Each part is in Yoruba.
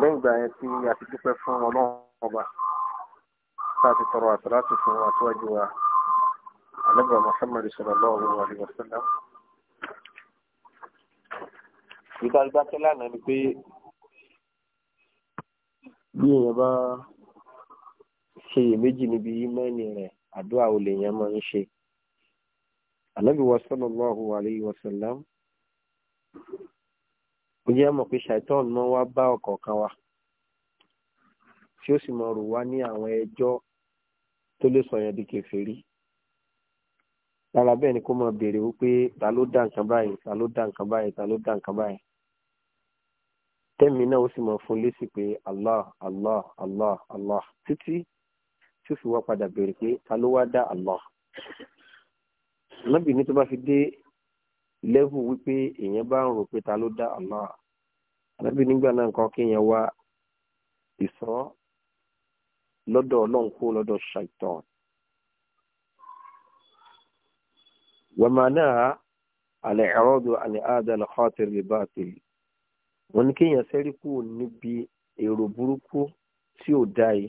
lẹ́yìn ìgbà yẹn tí a ti dúpẹ́ fún ọlọ́run ọba tá a ti tọrọ àtàlátì fún àtúwájú wa alẹ́bà Muhammad sallallahu alaihi wasallam. ìgbà ìgbàkẹ́ lánàá ni pé bí èèyàn bá ṣe iyèméjì níbi ímánì rẹ̀ àdúrà olè yẹn máa ń ṣe. ànábì wa sallallahu alaihi wasallam ó jẹ́ mọ̀ pé ṣàìtàn náà wá bá ọ̀kọ̀ọ̀kan wa tí ó sì mọ̀ rò wá ní àwọn ẹjọ́ tó lè sọ̀yàn di kèfèrí lára bẹ́ẹ̀ ni kó mọ̀ béèrè wípé ta ló dá nǹkan báyìí ta ló dá nǹkan báyìí ta ló dá nǹkan báyìí tẹ́mi náà ó sì mọ̀ fún lésì pé Allah Allah Allah Allah títí tí ó fi wá padà béèrè pé ta ló wá dá Allah nábì ní tó bá fi dé lẹ́vù wípé èèyàn bá ń rò pé ta ló dá Allah ànábì nígbà náà nǹkan kéèyàn wá ìsọ́ lọ́dọ̀ ọlọ́run kó lọ́dọ̀ ṣàìtàn wàmánà àlẹ́ ẹ̀rọ́dù àní àdàlù khatir lè bá tèlè wọn ní kéèyàn sẹ́rí kúrò níbi èrò burúkú tí ò dá yìí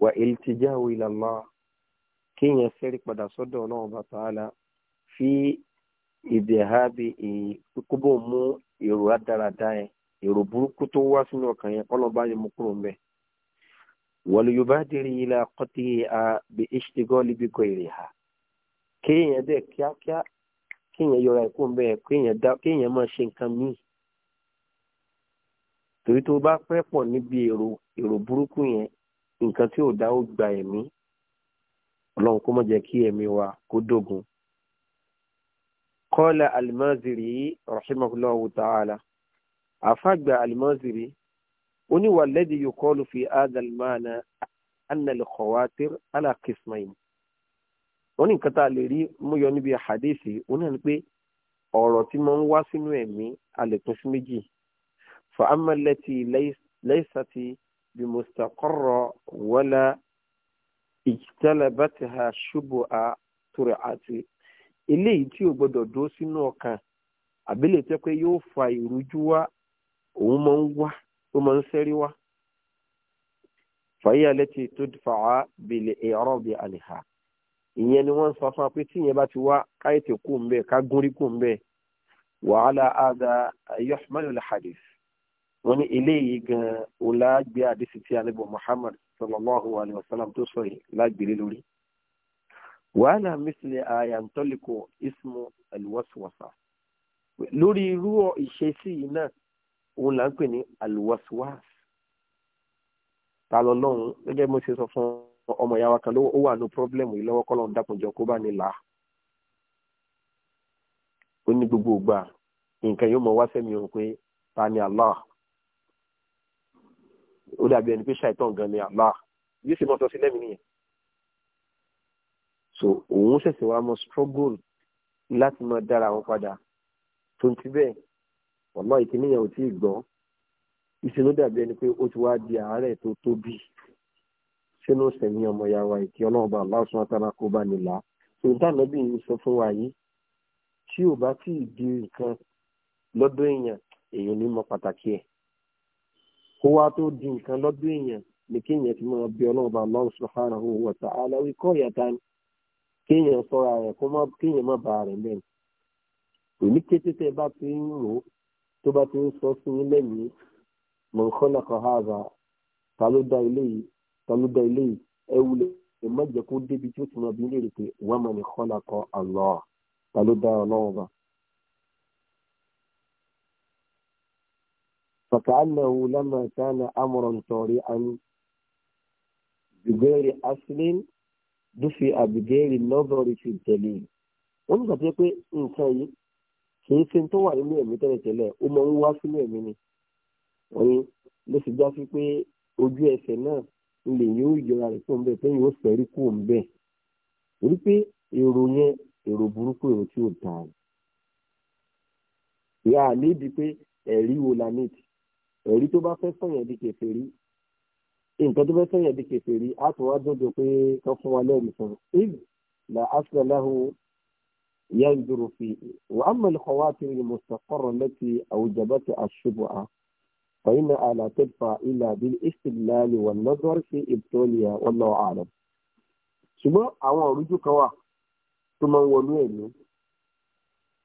wà iltijahu ila Allah kéèyàn sẹ́rí padà sọ́dọ̀ ọlọ́run bàtà àlà fi ìdèhàbì ìkúbọ̀ mú èrò adarada yẹn èrò burúkú tó wá sínú ọkàn yẹn ọlọ́ba yẹn mú kúrò mbẹ́. wal yubadiri ila qatiha bi ishtigali bi ghayriha kéèyàn dẹ̀ kíákíá kéèyàn yọra ìkó mbẹ́ kéèyàn máa ṣe nǹkan míì torí tó bá pẹ́ pọ̀ níbi èrò èrò burúkú yẹn nǹkan tí ò dá ó gba ẹ̀mí ọlọ́run kó má wa kó kọ́lá alimaziri rahimahullahu ta'ala àfàgbà alimaziri oníwàlẹ́dì yóò kọ́lu fi adalmana annal khawatir ala qismayn wọ́n ní nǹkan tá a lè rí mú yọ níbi àhàdéèsì ó náà ni pé ọ̀rọ̀ tí mo ń wá sínú ẹ̀mí a sí méjì fa amma allati laysati bi mustaqarra wala ijtalabatha shubha tur'ati eléyìí tí o gbọdọ̀ dúró sínú ọkàn àbílẹ̀ tẹ́ pé yóò fa ìrújú wá òun máa ń wá ó máa ń sẹ́rí wá. fàyè alẹ́ ti tó fàá ẹ̀rọ bíi àlìhà ìyẹn ni wọ́n ń sọ fún wa pé tí ìyẹn bá ti wá káyọ̀tì kù ń bẹ̀ ká gúnrí kù ń bẹ̀ wàhálà àdá eléyìí gan-an lágbé àdìsí tí alẹ́ wàhálà mísìlẹ̀ àyàntọ́lẹ̀kọ̀ ismu alwaswasa lórí irú ìṣesí yìí náà òun là ń pè ní alwaswas ta lọ lọ́run gẹ́gẹ́ mo ṣe sọ fún ọmọ ìyá wa kan ló wà ní pírọ́blẹ́mù yìí lọ́wọ́ kọ́lọ́run dákunjọ kó bá ní là ó ní gbogbo ògbà nǹkan yóò mọ wá sẹ́mi òun pé ta ni Allah ó dàbí ẹni pé ṣàìtàn gan ni Allah yóò sì mọ sí lẹ́mìí nìyẹn so òun ṣẹ̀ṣẹ̀ wá mọ struggle láti máa dára wọn padà tó ń ti bẹ́ẹ̀ ọ̀nà ìkíníyàn ò tí ì gbọ́ ìṣinú dàbí ẹni pé ó ti wá di àárẹ̀ tó tóbi sínú sẹ̀mí ọmọ ìyá wa ìkí ọlọ́run bá aláwọ̀ sọ́nà tára kó bá nílà tó ń dáná bí yìí sọ fún wa yìí tí ò bá tí ì di nǹkan lọ́dọ̀ èèyàn èèyàn ní mọ pàtàkì ẹ̀ kó wá tó di nǹkan lọ́dọ̀ èèyàn ni kéèyàn ti máa bí ọlọ́run bá aláwọ̀ sọ́nà tára kó wọ̀ tá kéèyàn sọra rẹ̀ kó má kéèyàn má bàa rẹ̀ lẹ́nu òní kété tẹ bá ti ń rò ó tó bá ti ń sọ sí yín lẹ́yìn mọ̀ nǹkan náà kan háàzà ta ló dá ilé yìí ta ló dá ilé yìí ẹ wulẹ̀ ẹ má jẹ́ kó débi tí ó ti máa bí léèrè pé wọ́n mọ̀ nìkan náà kan Allah ta ló dá ọlọ́run bá. فكأنه لما كان أمرا طارئا بغير أصل dúfi àbùgẹ́rì lọ́bọ̀rì fi tẹ̀lé wọ́n nígbà tó yẹ pé nǹkan yìí kì í ṣe tó wà nínú ẹ̀mí tẹ́lẹ̀tẹ́lẹ̀ ó máa ń wá sínú ẹ̀mí ni ọ̀yin ló sì já sí pé ojú ẹsẹ̀ náà lè yóò yọra rẹ̀ fún bẹ́ẹ̀ tẹ́yìn ó fẹ́rí kù ń bẹ́ẹ̀ torí pé èrò yẹn èrò burúkú èrò tí ò dáa ni ìyá àlébi pé ẹ̀rí wo la ní ẹ̀rí tó bá fẹ́ sọ̀yàn di kẹfẹ́ rí nǹkan tó bẹ́ sẹ́yìn bí kèfè rí a tún wá dọ́dọ̀ pé kan fún wa lẹ́rìí fún un la asla lahu yanzuru fi wa amma al-khawatir al-mustaqarra allati awjabat ash-shubha fa inna ala tadfa ila bil istidlal wa nadhar fi ibtaliha wallahu a'lam ṣùgbọ́n àwọn òrújú kan wà tó máa ń wọnú ẹ̀mí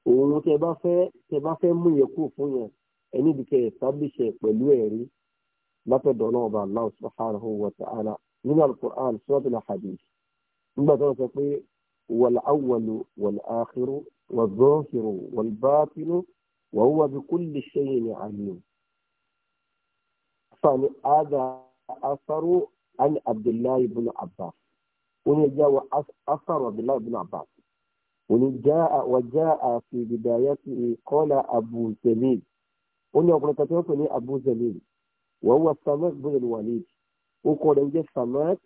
òun tẹ bá fẹ́ tẹ bá fẹ́ mú yẹn kú fún yẹn ẹni bí ẹ̀ sábìṣẹ pẹ̀lú ẹ̀rí látọ̀dọ̀ ọlọ́run bá Allah subhanahu wa ta'ala nínú alukur'an suratul hadith nígbà tó ń sọ pé wal awwalu wal akhiru wà zọ́ọ̀kìrù wal batinu wà huwa bi kulli shay'in alim. fani ada asaru an abdullahi ibn abbas wani ja wa asaru abdullahi ibn abbas wani ja'a wa ja'a fi bidayati qala abu zamil wani ọkùnrin kan tó abu zamil wọ́n wá samak ibn al-walid ó kọ́ ọ̀dọ̀ jẹ́ samak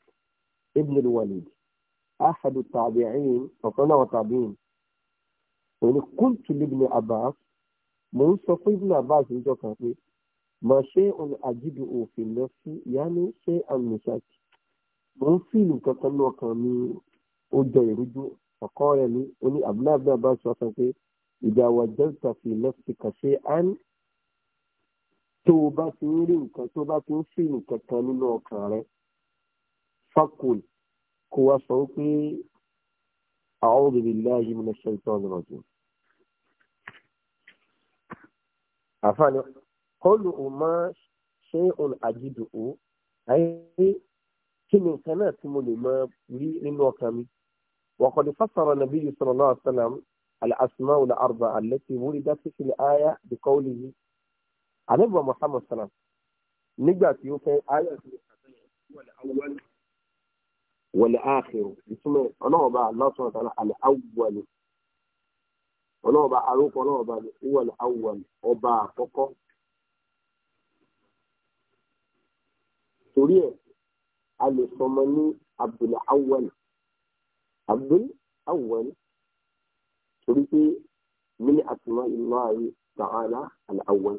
ibn al-walid ahadu tabi'in ọ̀kan náà tabi'in òní kúntù ibn abbas mò ń sọ fún ibn abbas níjọ kan pé mà ṣe ọ̀nà àjíbi òfin lọ sí yánni ṣe àmì ṣáàkì mò ń fíìlù kankan náà kan ní ó jọ ìrújú ọ̀kọ́ rẹ̀ ní oní abdullahi abdullahi abbas sọ fún pé ìdáwà jẹ́ta fi lọ́sí kàṣe án tó o bá ti ń rí nǹkan tó o bá ti ń fi nǹkan kan nínú ọkàn rẹ fakul kó wá sọ pé a'udhu billahi minash shaitanir rajim. àfààní kọlù ọmọ ṣé òun àjìdù ó ayé kí ni nǹkan náà tí mo lè máa rí nínú ọkàn mi. وقد فسر النبي صلى الله عليه وسلم الأسماء الأربعة التي وردت في الآية بقوله ànábì wa Muhammad salam nígbà tí ó fẹ́ ayọ̀ tí wọlé àkèrò ìtumọ̀ ọlọ́ọ̀bá aláṣọ àtàlà àlẹ́ àwùwọ̀lẹ̀ ọlọ́ọ̀bá arókọ ọlọ́ọ̀bá ni wọlé àwùwọ̀lẹ̀ ọba àkọ́kọ́ torí ẹ̀ a lè sọmọ ní Abdul Awwal Abdul Awwal torí pé mini àtúmọ̀ ìlú ààrẹ ta'ala al-awwal.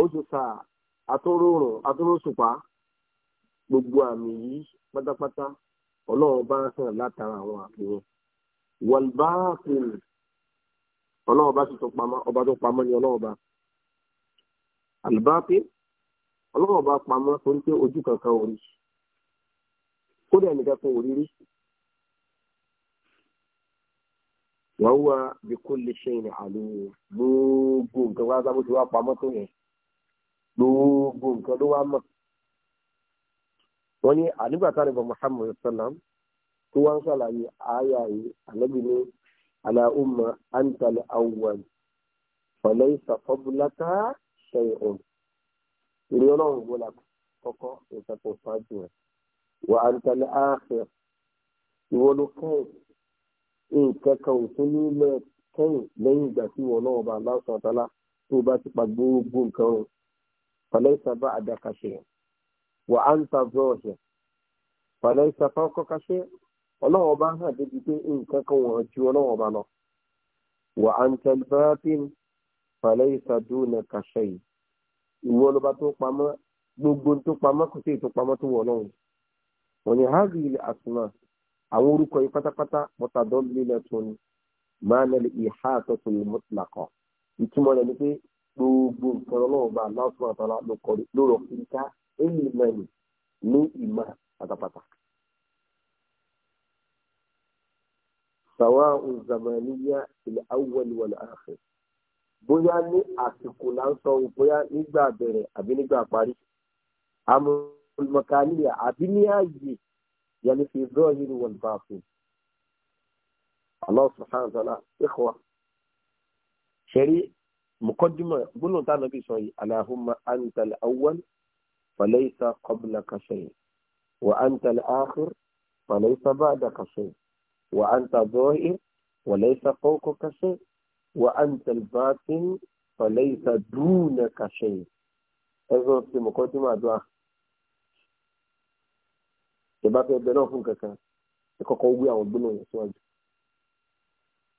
òṣùṣà àtòròrùn àtòròṣùpá gbogbo àmì yìí pátápátá ọlọ́run bá ń sàn látara àwọn àfihàn wàlbáàkùn ọlọ́run bá sì tó pamọ́ ọba tó pamọ́ ni ọlọ́run bá àlùbáàkì ọlọ́run bá pamọ́ torí pé ojú kankan ò rí kódà ẹnìkan kan ò rí rí wàá wá bí kò lè ṣe ìrìn àlè gbogbo nǹkan wá sábó ti wá pamọ́ tó yẹn gbogbo nǹkan ló wá mọ̀ wọ́n ní àdúgbàtà nípa muhammad sallam tó wá ń ṣàlàyé àyà yìí ànábì ní aláùmọ antal awwal fọlẹ́ ìṣàkọ́bùlákà ṣẹ̀yìn ìrìn ọlọ́run wo la kọ́kọ́ ìṣàkó ṣáájú rẹ̀ wà antal akhir ìwọ ló kẹ́yìn nǹkan kan ò tún ní lẹ́ẹ̀kẹ́yìn lẹ́yìn ìgbà tí ìwọ náà bá aláṣọ àtàlá tó bá ti pa gbogbo nǹkan فليس بعدك شيء وأنت ظاهر فليس فوقك شيء ọlọ́run ọba hàn débi pé nǹkan kan wọ̀n ju ọlọ́run ọba lọ wà á ń tẹlifáàtìn falaysa dunaka shay ìwọ lọba tó pamọ́ gbogbo tó pamọ́ kò sí ètò pamọ́ tó wọ̀ ọlọ́run wọ́n gbogbo nǹkan ọlọ́run bá aláṣọ àtàlà ló kọ́ ló rọ̀ kí n ká ẹ̀yìn mẹ́rin ní ìmọ̀ pátápátá. sàwọn zamaniya ilẹ̀ awọ́lì wọlé ààfẹ́ bóyá ní àsìkò là ń sọ bóyá nígbà bẹ̀rẹ̀ àbí nígbà parí amọ̀lùmọ̀kàníyà àbí ní ààyè yẹnni fi zọ́ọ̀hìn wọ̀n bá fún un. Allah subhanahu wa mọ̀kọ́dúnmọ̀ gbólóhùn táwọn fi sọ yìí aláhùnmá antal awwal falaysa qablaka shay wa antal akhir falaysa ba'daka shay wa anta zahir walaysa fawqaka shay wa antal batin falaysa dunaka shay ẹgbẹ́ ti mọ̀kọ́dúnmọ̀ àdúrà ìbáfẹ́ bẹ̀rẹ̀ fún kankan ìkọ̀kọ̀ wí àwọn gbólóhùn síwájú.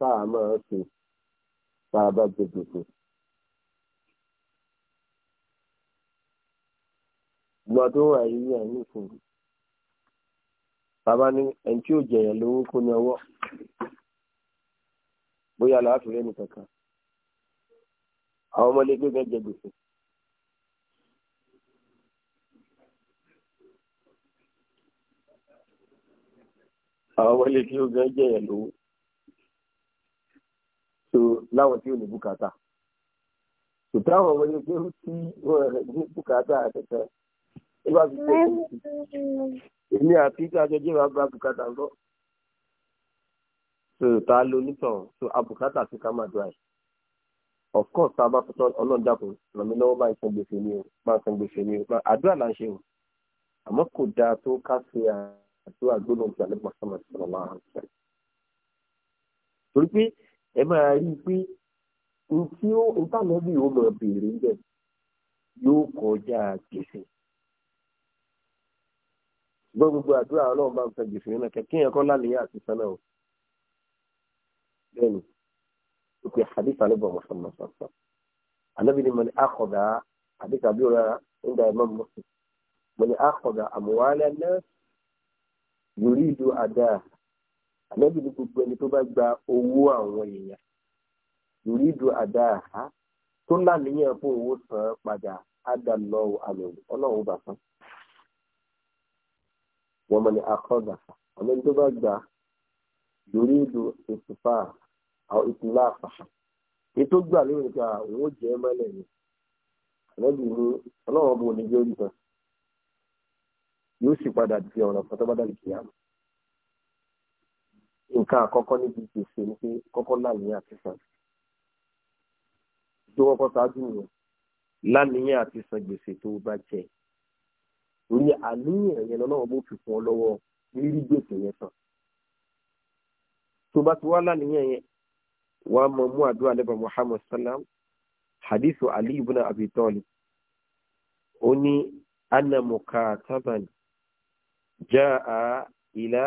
tá a máa ṣe tá a bá jẹ gbèsè. ìgbà tó wà yìí à ní ìsìn bàbá ní ẹni tí ò jẹyàn lówó kó ní ọwọ́ bóyá làásù rẹ nìkankan àwọn ọmọlẹgbẹ bẹ jẹ gbèsè. àwọn ọmọlẹgbẹ ó gan jẹyàn lówó so láwọn tí ò ní bùkátà so táwọn ọmọ yẹn kéwù tí wọn ní bùkátà àtẹtẹ ẹ bá fi tẹ èmi àti tí ajọ jẹ́ bàbá bùkátà ń so tá a nítàn so abùkátà sí ká máa dùn àì of course tá a bá fọtọ ọlọ́run dàpọ̀ ràn mí lọ́wọ́ báyìí san gbèsè ni, o máa san gbèsè mi o àdúrà là ń ṣe o àmọ́ kò dáa tó ká ṣe àdúrà gbólóhùn tí a máa ń sẹ́yìn torí pé ẹ máa rí i pé ntí ó ntànàbí ó mọ̀ béèrè ńbẹ̀ yóò kọjá gbèsè. ṣùgbọ́n gbogbo àdúrà ọlọ́run bá ń fẹ́ gbèsè nínú kẹ̀kẹ́ yẹn kọ́ lálẹ́ àti sánà o. bẹ́ẹ̀ni ó pe hadith alẹ́bọ̀ mọ̀sánmọ́ sàṣà. anábì ni mo ní akọ̀dà hadith abíọ́lá ń da ẹ̀mọ́ mọ́sí. mo ní akọ̀dà àmúwálẹ́ náà yòrí ìlú àdáà. ànábì ní gbogbo ẹni tó bá gba owó àwọn èèyàn lórí ìdù àdá àhá tó láníyàn fún owó san padà ádàlọ́ àlòrò ọlọ́run bá san wọ́n mọ̀ ní akọ́dà gba lórí ìtùfà àwọn ìtùlá àfàṣà ètò gbà lórí ìka òun ó jẹ́ mọ́lẹ̀ ni ànábì nǹkan àkọ́kọ́ níbi gbèsè ni pé kọ́kọ́ láníyàn àti san tó kọ́kọ́ ṣáájú nìyẹn láníyàn àti san gbèsè tó bá jẹ lórí àníyàn yẹn lọ́wọ́ bó fi fún ọ lọ́wọ́ rírí gbèsè yẹn san tó bá ti wá láníyàn yẹn wà á mọ mú àdúrà lẹ́bà Muhammad salam hadithu Ali ibn Abi Talib ó ní anna mukataban jaa ila.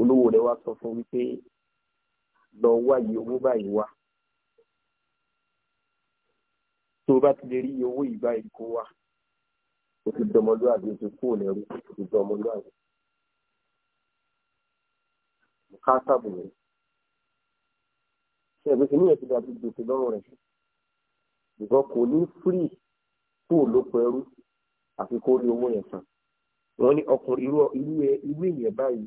olówó rẹ̀ wá sọ fún wípé lọ wá iye owó báyìí wá tó o bá ti lè rí iye owó yìí báyìí kó wá o ti dọmọlúwàbí o ti kúrò lẹ́rú o ti dọmọlúwàbí káàtàbù rẹ̀ ṣe ẹ̀gbẹ́ kìíní yẹn ti dàbí gbèsè lọ́rùn rẹ̀ ṣùgbọ́n kò ní fírì kúrò lóko ẹrú àfi kó rí owó yẹn san wọ́n ní ọkùnrin irú èèyàn báyìí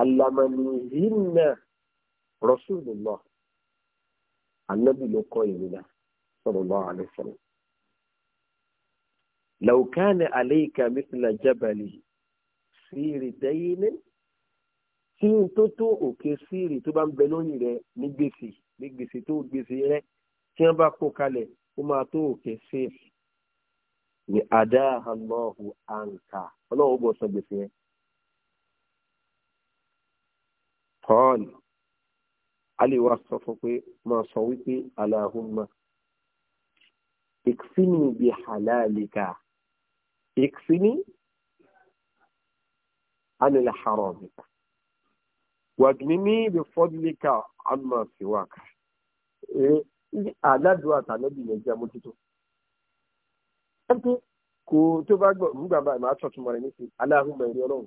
alamanihinna rasulullah anabi ló kọ́ ìrìnà sallallahu alaihi wasallam. law kana alayka mithla jabali síìrì dẹ́yìnì tí n tó tó òkè síìrì tó bá ń bẹ lóyìn rẹ ní gbèsè ní gbèsè tó gbèsè rẹ tí wọn bá kó kalẹ̀ ó máa tó òkè síìrì ní adáhàlọ́hù àǹkà ọlọ́run bọ̀ sọ gbèsè yẹn kọ́ọ̀lì alè wa sọ fún pé máa sọ wípé aláhùnmá ìkfínì bí halálìkà ìkfínì anil haramika wàgìnní bí fọdùlíkà àmà síwáka àdádùn àtàlẹ́bì yẹn jẹ́ mójútó ẹni kò tó bá gbọ́ nígbà báyìí máa tọ̀tún mọ́ rẹ̀ nífi aláhùnmá ìrí ọlọ́run.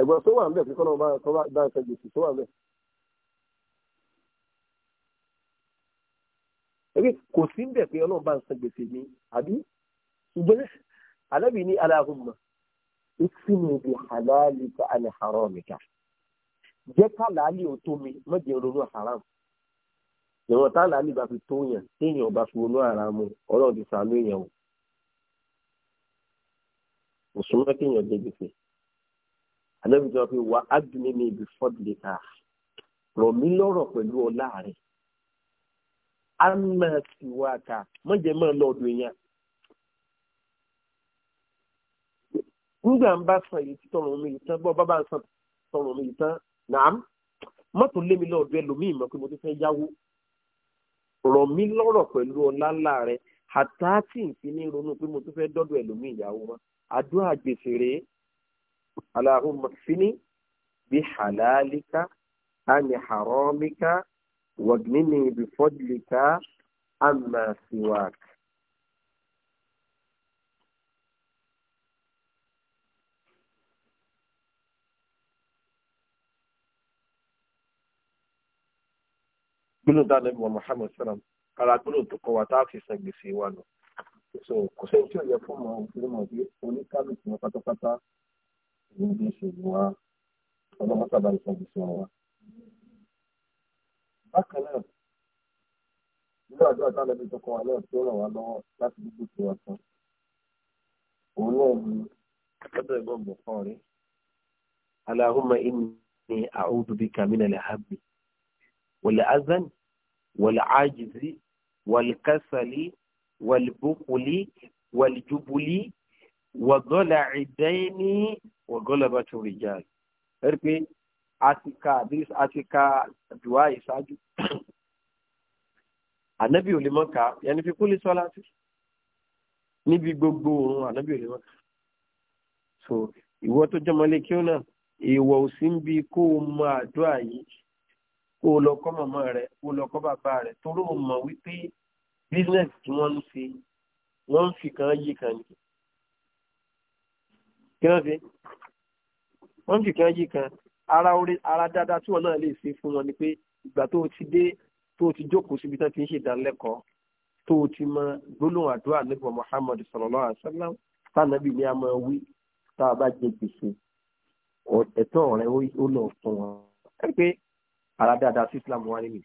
ẹ̀gbọ́n tó wà ń bẹ̀ kíkọ́ náà bá ń fẹ́ gbèsè tó wà ń bẹ̀. ebi kò sí ń bẹ̀ pé ọlọ́run bá ń san gbèsè mi àbí ṣùgbọ́n alábì ní aláhùnmá ìsinmi ibi halali ka àni haram ká jẹ́ ká làálì ò tó mi mọ́jẹ́ ronú haram ìwọ̀n tá làálì bá fi tó yàn téèyàn bá fi ronú haram ọlọ́run ti sàánú èèyàn o òṣùnmọ́ kéèyàn jẹ gbèsè. ànábì sọ pé wà á dùn mí bí fọ́dùlẹ́ka rọ̀ mí lọ́rọ̀ pẹ̀lú ọlá rẹ̀ á máa sì wá ta mọ̀jẹ̀ máa lọ ọdún yẹn. nígbà ń bá san èyí tí mi yìí bá san mi yìí tán lé mi ẹlòmíì pé mo ti fẹ́ yáwó rọ̀ mí lọ́rọ̀ pẹ̀lú ọlá ńlá rẹ̀ àtàtì ìfínní ronú pé mo fẹ́ ẹlòmíì àdúrà gbèsè rèé اللهم اكفني بحلالك عن حرامك واجنني بفضلك عما سواك gbólóhùn tá a lẹ́nu wa Muhammad sallam ara gbólóhùn tó kọ wa tá a fi san gbèsè wa nù so kò sẹ́yìn tí ò yẹ fún ọmọ òfin mọ̀ bí oníkálukú wọn níbi ìṣègùn wa ọlọ́mọ sábà ń sọ́jú sí wọn wa. bákan náà nínú àdúrà táwọn ẹbí tó kọ wa náà tó ràn wá lọ́wọ́ láti dúdú sí wa tán òun náà ni ọ̀dọ̀ ẹ̀gbọ́n bọ̀ fún ọ̀rẹ́ aláhùnmá ìní àwùjọ bíi kàmínà lè hábì wọlé azán wọlé ájìzí wọlé kásálí wọlé bókulí wọlé jubulí wọdọlà ìdáyẹni wọ̀gọ́lọ́bà tó rí jà rí ẹ̀rí pé àtìkà àtìkà dùwà ìṣáájú ànábì ò lè mọ́ ká yẹn fi kú lè sọ láti níbi gbogbo òun ànábì ò lè mọ́ ká so ìwọ tó jọmọlé kí ó náà ìwọ ò sí ń bi kó o mọ àdúrà yìí kó o lọ kọ́ màmá rẹ kó o lọ kọ́ bàbá rẹ torí o mọ̀ wípé business tí wọ́n ń ṣe wọ́n ń fi kan yí kan nìyẹn kí wọ́n ṣe wọ́n jù kí wọ́n yí kan ara orí ara dáadáa tí wọ́n náà lè ṣe fún wọn ni pé ìgbà tó o ti dé tó o ti jókòó síbi tán ti ń ṣèdánilẹ́kọ̀ọ́ tó o ti mọ gbólóhùn àdúrà nígbà Muhammad sallallahu alaihi wasallam tánàbì ni a máa wí tá a bá jẹ gbèsè ẹ̀tọ́ rẹ̀ ó lọ fún wọn ẹ pé ara dáadáa sí Islam wà nínú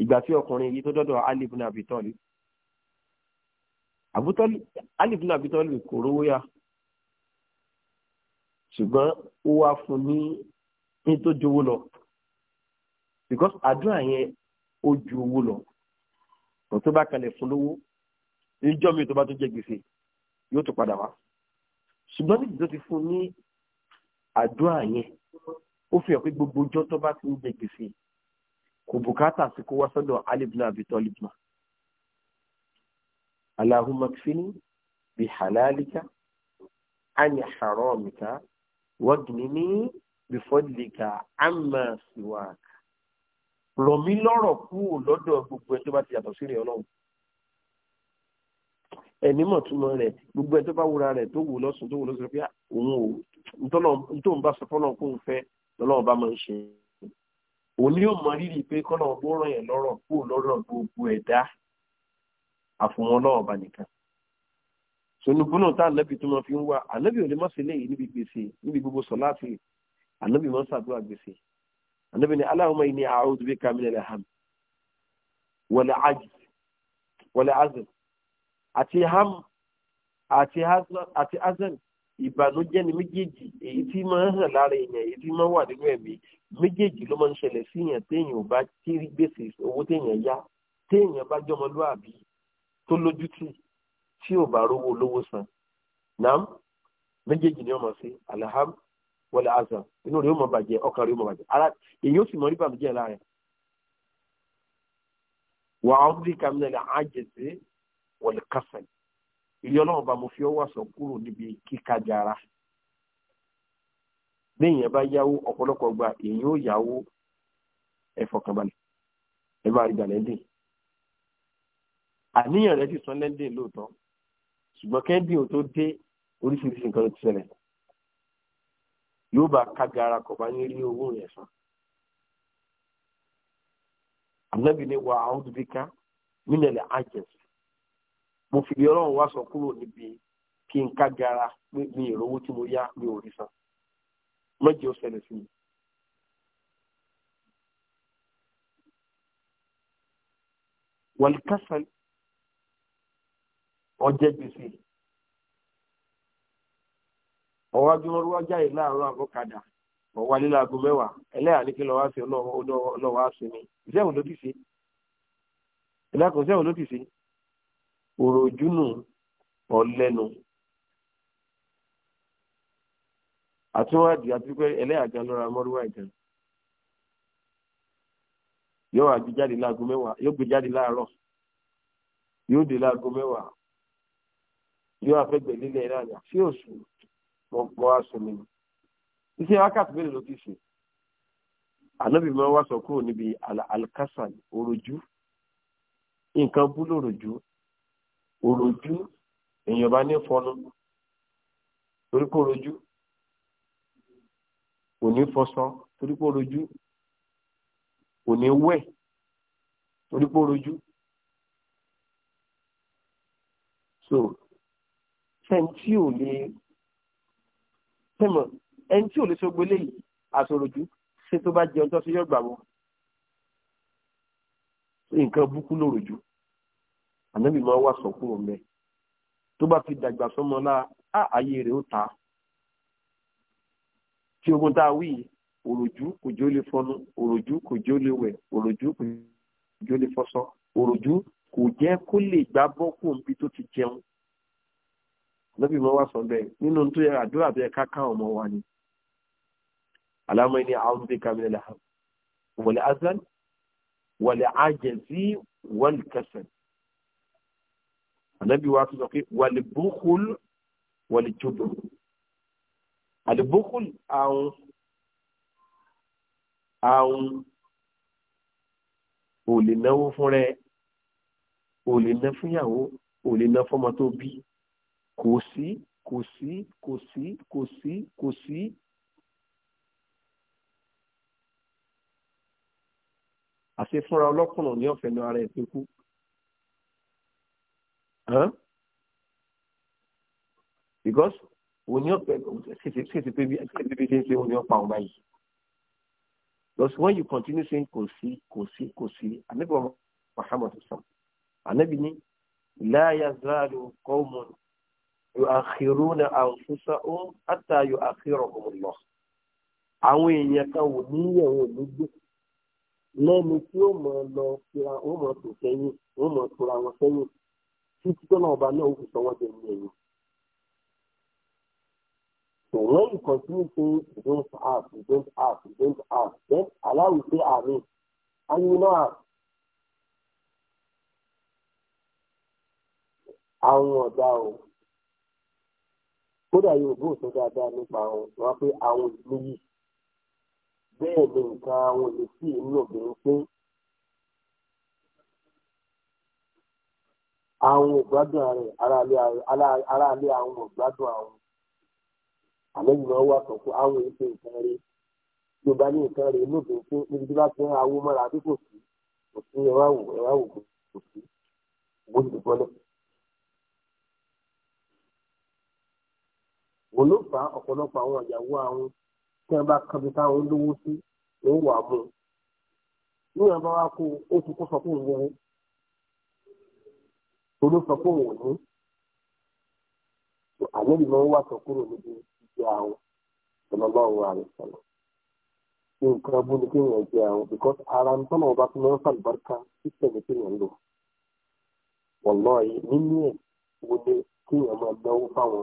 ìgbà tí ọkùnrin yìí tó dọ́dọ̀ Ali ibn Abi Talib Abu Talib Ali kò rówó yá ṣùgbọ́n ó wá fún ní ní tó ju owó lọ because àdúrà yẹn ó ju owó lọ kò tó bá kalẹ̀ fún lówó níjọ́ mi tó bá tó jẹ gbèsè yóò tó padà wá ṣùgbọ́n níbi tó ti fún ní àdúrà yẹn ó fi hàn pé gbogbo ọjọ́ tó bá ti ń jẹ gbèsè kò bùkátà sí kó wá sọ́dọ̀ alibna àbí tọ́libna. Allahumma kfini bi halalika an haramika wọ́gìnìní bífọ́dìlìkà àmà síwák rọ̀ mí lọ́rọ̀ kúrò lọ́dọ̀ gbogbo ẹ tó bá ti yàtọ̀ sí rẹ̀ ọlọ́run ẹ̀mí mọ̀ túmọ̀ rẹ̀ gbogbo ẹ tó bá wúra rẹ̀ tó wù lọ́sùn tó wù lọ́sùn pé òun ò nítorí bá sọ fọ́nà kó ń fẹ́ lọ́lọ́run bá máa ń ṣe òun ni yóò mọ rírì pé kọ́nà ọgbọ́n ràn yẹn lọ́rọ̀ kúrò lọ́rọ̀ gbogbo ẹ̀dá àfọwọ́n náà ọba nìkan sonubu náà tá ànábì tó máa fi ń wá ànábì ò lè má sílẹ̀ yìí níbi gbèsè níbi gbogbo sọ̀láàtì ànábì máa ń ṣàdúrà gbèsè ànábì ní Allahumma inni a'udhu bika minal ham wal ajz wal azl àti ham àti àti azl ìbànújẹ́ ni méjèèjì èyí tí máa ń hàn lára èèyàn èyí tí máa ń wà nínú ẹ̀mí méjèèjì ló máa ń ṣẹlẹ̀ sí èèyàn téèyàn bá tí rí gbèsè owó téèyàn yá téèyàn bá jọmọlúwàbí tó lójútì tí ò bá rówó olówó san nam méjèèjì ni wọ́n mọ̀ sí alaham wọlé azam inú rẹ̀ yóò mọ̀ bàjẹ́ ọkàn rẹ̀ yóò mọ̀ bàjẹ́ ara èyí ó sì mọ̀ rí bàmíjẹ́ láàrin wà á rí kàmínà àjẹsí wọlé kásán ìyá ọlọ́run bá mo fi ọwọ́ àṣọ kúrò níbi kíkájà ara lẹ́yìn ẹ bá yáwó ọ̀pọ̀lọpọ̀ gba èyí ó yáwó ẹ ẹ bá rí gbà lẹ́ndìn àníyàn rẹ ti sọ lẹ́ndìn lóòótọ́ ṣùgbọ́n kẹ́ńdìn ò tó dé oríṣiríṣi nǹkan ti ṣẹlẹ̀ yóò bá kábi ara kọ̀ ní rí owó yẹn san. ànábì ni wà áwọn bíi ká mílẹ̀lẹ̀ ájẹ̀sì mo fi ọlọ́run wá sọ kúrò níbi kí n kábi ara mi ìrówó tí mo yá mi ò rí san mọ́jì ó ṣẹlẹ̀ sí mi. wàlíkásálì ọjẹ́ gbèsè ọwọ́ agbẹ́wọ́rú ọjà yìí láàárọ̀ àbọ̀kadà ọ̀wá lílá mẹwa mẹ́wàá ní kí lọ́wọ́ àṣẹ ọlọ́wọ́ àṣẹ mi ìṣẹ́wọ̀n ló ti ṣe ìlàkùn ìṣẹ́wọ̀n ló ti ṣe nù àtúwádìí àti ẹlẹ́yà lọ́ra mọ́rúwá yóò wá gbé jáde láago yóò afẹ́gbẹ̀ lílẹ̀ náà ní àti òṣù mọ́ aṣọ mi ni. iṣẹ́ wákàtí mélòó ló ti ṣe ànábì máa wá sọ kúrò níbi alkasa òròjú nǹkan bú lòròjú òròjú èèyàn bá ní fọnú torí kó rojú kò ní fọṣọ torí kó rojú kò ní wẹ̀ torí kó rojú so sẹ́ni tí ò lè tẹ̀mọ̀ ẹni tí ò lè sọgbó léyìí àsọ̀rọ̀jú ṣe tó bá jẹun tó ṣe yọ gbàgbọ́ nǹkan búkú lòròjú ànábì máa wà sọ̀kún ọ̀mẹ́ tó bá fi dàgbà sọmọ náà á ayé rẹ̀ ó ta tí ogun tá a wí òròjú kò jó lè fọnu òròjú kò jó lè wẹ̀ òròjú kò jó lè fọṣọ òròjú kò jẹ́ kó lè gbá bọ́kùn bí tó ti jẹun lọ́bí mọ́ wá sọ bẹ́ẹ̀ nínú tó yẹ àdúrà tó yẹ ká ká ọmọ wa ni alámọ́ ẹni àwọn bí kàmínà lè hàn wọlé azan wọlé ajẹsí wọlé kẹsàn ànábì wa tó sọ pé wọlé bókúl wọlé jòdò àlè bókúl àwọn àwọn ò lè náwó fún rẹ ò lè ná fún ò lè ná fọmọ tó bí kò sí kò sí kò sí kò sí kò sí. àṣẹ fúnra ọlọ́kùnrin ní ọ̀fẹ́ ní ara ẹ̀ pínkú. because òní ọ̀pẹ ṣèṣe pé bí ṣe ń ṣe òní ọ̀pá ọ̀gbá yìí. because when you continue saying kò sí kò sí kò sí ànábì Muhammad sọ ànábì ní la yazalu qawmun yu'akhiruna anfusahum hatta yu'akhirahum Allah àwọn èèyàn kan ò ní yẹ̀ wọn ò ní gbé lẹ́nu tí ó mọ̀ lọ fira wọ́n mọ̀ tó sẹ́yìn wọ́n mọ̀ tóra wọn sẹ́yìn tí títọ́ náà ọba náà ó fi sọ́wọ́ dẹ̀ ní ẹ̀yìn. So when you continue saying you don't ask, don't ask, don't ask, then Allah will say Amen and Àwọn ọ̀dà o kódà yorùbá ò sọ dáadáa nípa àwọn wọn pé àwọn ìlú yìí bẹ́ẹ̀ ni nǹkan àwọn ìlú sí inú obìnrin pé àwọn ògbádùn rẹ̀ aráalé àwọn ògbádùn àwọn àlẹ́yìn náà wà sọ̀kú àwọn èso nǹkan rẹ̀ yorùbá ní nǹkan rẹ̀ inú obìnrin pé níbi tí bá ti ń ra owó mọ́ra àbí kò sí kò sí ẹ̀wá wò ẹ̀wá wò kò sí bó ti gbọ́dọ̀. òun ló fà á ọ̀pọ̀lọpọ̀ àwọn ìyàwó àwọn tí wọ́n bá kan bí táwọn lówó sí ló ń wà mú un níwọ̀n bá wá kó o tún kó sọ fún òun lówó òun ló sọ fún òun ní àlẹ́ ìmọ̀ wà sọ kúrò níbi ìjẹ àwọn ọlọ́lọ́run àrẹ̀sọ̀lọ̀ nǹkan bú ni kéèyàn jẹ àwọn because ara ń tọ́nà ọba tó máa ń fàlùbáríkà sísẹ̀mì kéèyàn lò wọ́n lọ́ọ̀yì nínú ẹ̀ wo ni kéèyàn máa náwó fáwọn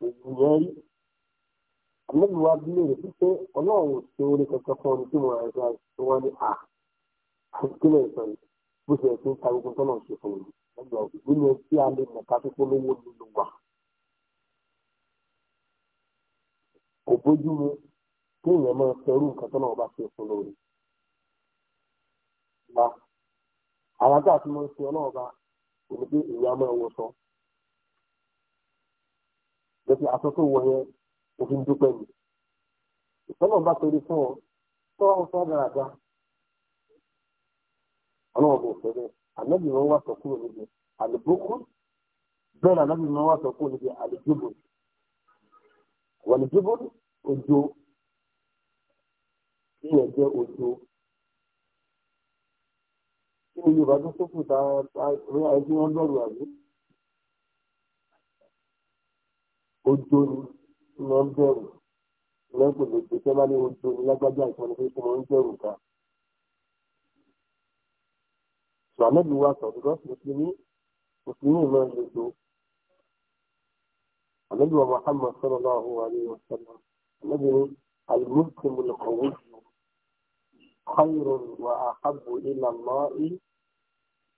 ìjìyà rí àmọ́bí wa bí léèrè pípé ọlọ́run ṣe orí kankan fún ọdún tí mo rà ẹ̀ka tó wá ní à kílẹ̀ ìtàn bó ṣe ẹ̀sìn ta tọ́nà ṣe fún mi ẹgbẹ́ òkú ní ẹtí alẹ́ tó nínú wa. kò bójú mu kí èèyàn máa fẹ́rù nǹkan tọ́nà ọba ṣe fún àwọn àti àti ṣe ọlọ́ọ̀ba kò ní pé máa sọ. lọ́sẹ̀ aṣọ tó wọ yẹn òfin dúpẹ́ ni ìtọ́nà bá torí fún ọ tọ́wọ́ fún àgbàràgbà ọlọ́wọ́ bò fẹ́ bẹ́ẹ̀ ànábì wọn wà sọ kúrò níbi àlùbókù bẹ́ẹ̀ ànábì wọn wà sọ kúrò níbi àlùjúbò àlùjúbò ojo ìyẹn jẹ́ ojo kí ni Yorùbá tó sókùtà ẹni tí wọ́n bẹ̀rù àbí. ojó ni ìmọ̀ ń bẹ̀rù lẹ́gbẹ̀lẹ́ pé tẹ́ bá ní ojó ni lágbájá ìtọ́ni pé kí wọ́n ń bẹ̀rù ká. sùwàmẹ́lì wa sọ bí wọ́n mùsùlùmí mùsùlùmí ìmọ̀ ń lòdò. àmẹ́lì wa Muhammad sallallahu alaihi wa sallam àmẹ́lì ni alimusimu lọ́kọ̀wé ju khayrun wa ahabbu ila Allahi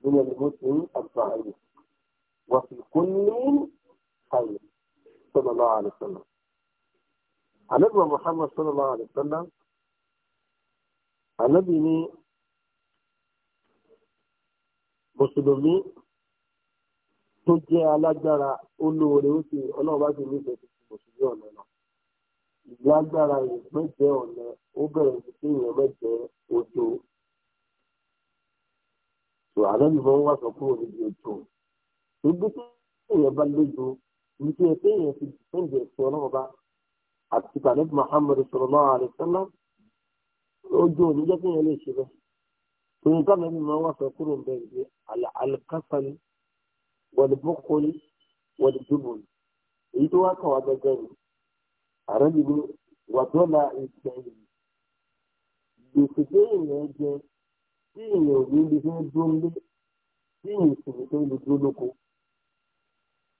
min alimusimu àgbà yìí wà fi kulli khayr. صلى الله wasallam ànábì wa محمد صلى الله عليه وسلم. ní مسلمي. tó jẹ́ alágbára olóore ó sì ọlọ́run bá ti nífẹ̀ẹ́ sí mùsùlùmí ọ̀nà náà ìlágbára yìí mẹ́jẹ ọ̀nà ó bẹ̀rẹ̀ sí sí èèyàn mẹ́jẹ ojú tó àlẹ́ nìkan kúrò níbi ojú níbi tí èèyàn bá lójú nítorí ẹgbẹ́ yẹn ti dìpẹ́ǹdì ẹ̀sìn ọlọ́ọ̀ba àti tàlẹ́bù Muhammad sallallahu alaihi wasallam ojú òní jẹ́ kéèyàn lè ṣe bẹ́ẹ̀ tòun ká mẹ́rin máa wà fẹ́ kúrò ń bẹ̀ ní alikásálí wọ̀lùbọ́kọ́lí wọ̀lùdúbọ̀lù èyí tó wá kàn wá gẹ́gẹ́ ni àrẹ́bí ni wàdọ́là ìgbẹ̀yìn gbèsè kéèyàn jẹ kéèyàn ò ní ibi tó dúró lé kéèyàn sì ní tó ń dúró lóko.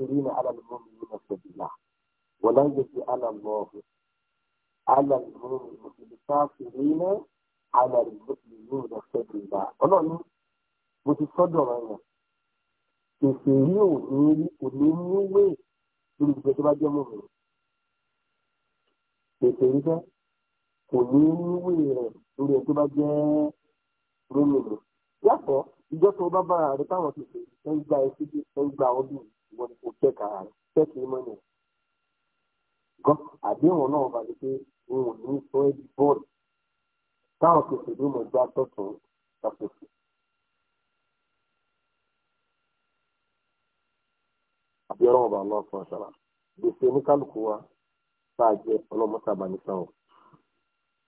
الكافرين على المؤمنين سبيلا ولن يجعل الله على المؤمنين الكافرين على المؤمنين سبيلا ọlọ́run mo ti sọ́dọ̀ ọ̀rọ̀ yẹn kèsì rí òní rí òní níwé lórí ìgbẹ́ tó bá jẹ́ mọ̀ mí kèsì rí bẹ́ẹ̀ kò ní níwé rẹ̀ lórí ẹ̀ tó bá jẹ́ mọ̀ mí yàtọ̀ ìjọ́ tó bá bára rẹ̀ táwọn kèsì ń gba ẹ síbi ń gba ọdún yìí ìwọ ni kò tẹ́ka rẹ̀ tẹ́kì mọ́ ni gan àdéhùn náà bá di pé òun ò ní sọ ẹ́ di bọ́ọ̀lù táwọn kẹsì ló mọ̀ gbá tọ̀tún ṣàkóso. àbíọ́rọ́ ọba ọlọ́run fún ọ̀ṣọ́ra gbèsè oníkálukú wa bá a jẹ ọlọ́mọta bá nìsan o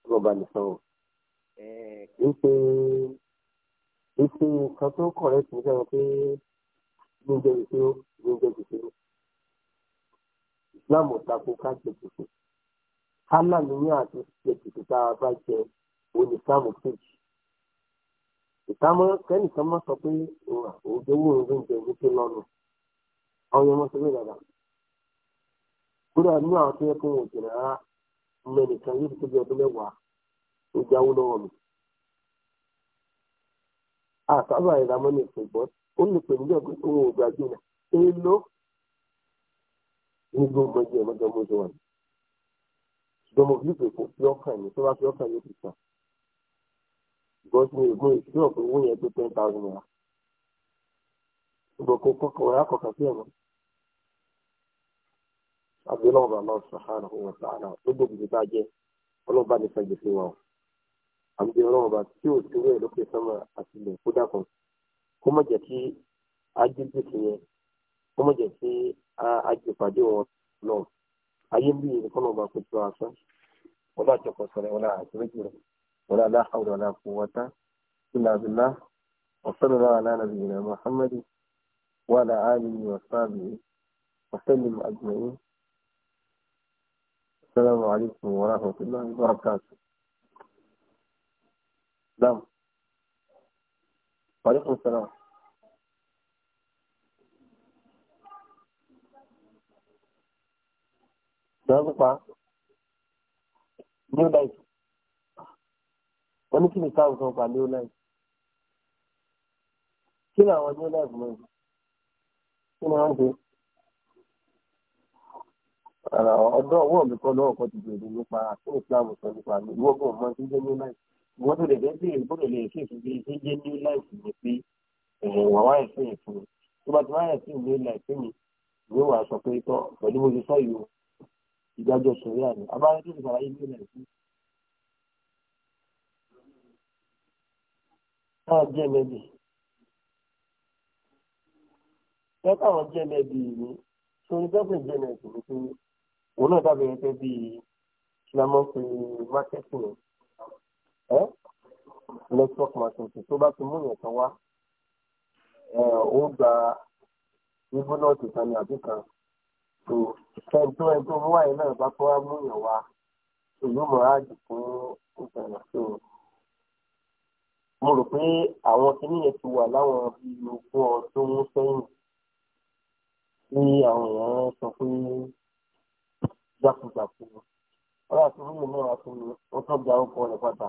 ọlọ́ba nìsan o. ń pe ń pe nǹkan tó kọ̀ rẹ̀ sí ní kẹ́rin pé. ní jẹ́ ìṣirò ní jẹ́ ìṣirò Islam ò takò ká jẹ kìkì hálà nìyẹn àti jẹ kìkì tá a bá jẹ òun ní kejì sọ pé òjò wò ń lọ́nà àwọn ọmọ sọ pé dàda àwọn tó yẹ kó wọn jìnnà rárá yóò tó bí ọdún ó jáwó mi àtàwọn ní ó lè pè nígbà pé òun ò gbàgbé rẹ̀ èèlò ní gbogbo ọjọ́ ìmọ̀jọ́ mú ṣe wà ní. ṣùgbọ́n mo bí pèpò fi ọkàn mi tó bá fi ọkàn mi ti tàn. ṣùgbọ́n tí mo ìgbó ìṣú ọ̀pọ̀ owó yẹn tó ten thousand naira. ṣùgbọ́n kò kọ́kọ́ ọ̀rá kọ̀ọ̀kan sí ẹ̀mọ́. àbí ọlọ́run bàbá subhanahu wa ta'ala tó gbòògùn tó bá jẹ́ ọlọ́run bá ní fẹ́ gbèsè wa o. àbí ọlọ́run bá tí ò kó má jẹ́ kí ajínigbèsè yẹn kó má jẹ́ kí ajínigbàdé wọn náà ayé ń bí nǹkan náà bá kó tó aṣọ wọn láti ọkọ sọ̀rọ̀ wọn láti rí jùlọ wọn láti láhàwọn wọn láti wọn tán ilà bìlá وصلى الله على نبينا محمد وعلى آله وصحبه وسلم أجمعين السلام عليكم ورحمة الله وبركاته. نعم. وعليكم السلام dọ́ọ̀lùpá new life wọ́n ní kí ni káwọn kan pa new life kí ni àwọn new life mọ̀ kí ni wọ́n ń ṣe ọ̀dọ́ ọwọ́ mi kọ́ lọ́wọ́ kan ti bèrè nípa kí ni Islam sọ nípa mi ìwọ́gbọ̀n mọ́ sí jẹ́ new life wọ́n tó lè dé sí ìgbọ́dọ̀ lè ṣe ìfúnbi ṣe jẹ́ new life ni pé eh, wà wá ẹ̀sìn ìfún mi tó bá ti wá ẹ̀sìn new life mi yóò wá sọ pé tọ́ pẹ̀lú mo ti sọ yìí o ìdájọ́ sọ̀rọ̀ àná abáyé tó ti sàlàyé new life mi. náà jẹ́ mẹ́bí lẹ́tà wọn jẹ́ mẹ́bí ni sórí dọ́gbìn jẹ́ mẹ́bí ni pé òun náà dábẹ̀rẹ̀ pé bíi ìlànà pé mákẹ́tì rẹ̀ network marketing tó bá ti mú yẹn tán wá ó gba igbó náà ti tani àbí kan tó ẹjọ́ ẹjọ́ mú wáyé náà bá tó wá mú yẹn wá èyí mọ̀ á dì fún ìṣẹ̀lẹ̀ tó mo rò pé àwọn kinní yẹn ti wà láwọn bíi ogún ọdún sẹ́yìn tí àwọn èèyàn sọ pé jákujàku ọlọ́run àti wíwì náà wá sí mi wọ́n tọ́jú àwọn ọkọ rẹ̀ padà.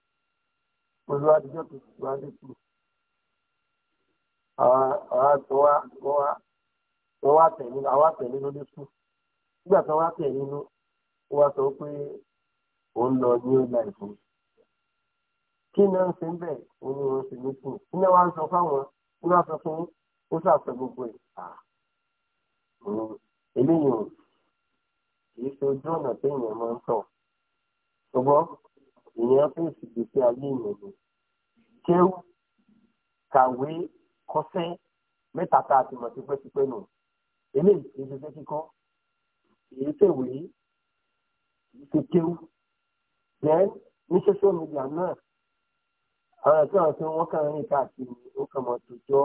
olùwádìjọ́ tó ti wá lékù àwa tẹ̀ nínú lékù nígbà tó wá tẹ̀ nínú ó wá sọ pé òun lọ ní ó láì fún kí ni ó ń ṣe ń bẹ̀ òun ni òun ṣe lékù kí ni wàá sọ fáwọn kí ni wàá sọ fún ó ṣàfẹ́ gbogbo ẹ̀ eléyìí ò kì í ṣe ojú ọ̀nà téèyàn máa ń tọ̀ ṣùgbọ́n ìyẹn fèsì gbèsè ayé ìyẹn ni kéwù kàwé kọsẹ́ mẹ́ta tá a ti mọ̀ tipẹ́tipẹ́ nù eléyìí kì í ṣe fẹ́ kíkọ́ kì í ṣèwé kì í ṣe kéwù then ní social media náà àwọn ẹ̀ka àwọn tí wọ́n kàn ń rìn káàkiri ó kàn mọ́ tó jọ́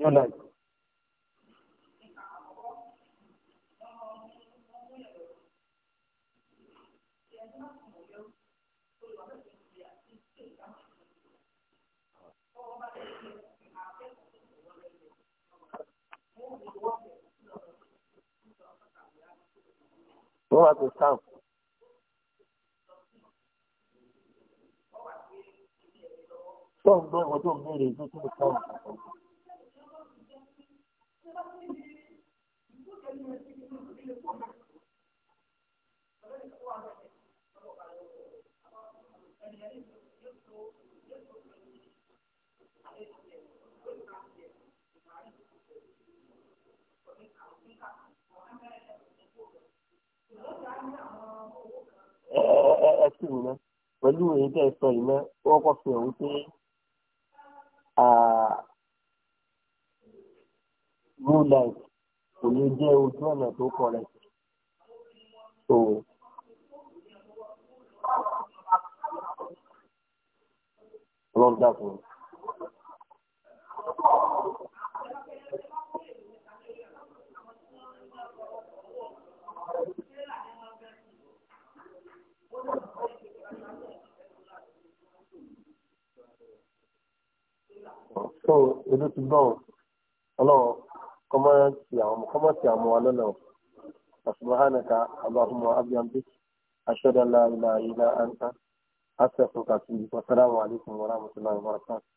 new life. wọ́n wá tún sáà. tó ń gbọ́ ọdún mẹ́rin ìlú tó ń sáà. Thank you ẹ sì pẹ̀lú èyí tẹ́ ẹ sọ yìí ná ó fi hàn wípé blue light kò ní jẹ́ ojú ọ̀nà tó correct. So, lọ́dà fún tó ebi ti gbọ́ ọlọ́run kọ́mọ́ ti àwọn kọ́mọ́ ti àwọn wa lọ́nà subhanaka allahumma abiyambi ashhadu an la ilaha illa anta astaghfiruka wa atubu ilaik wa assalamu alaikum wa rahmatullahi wa barakatuh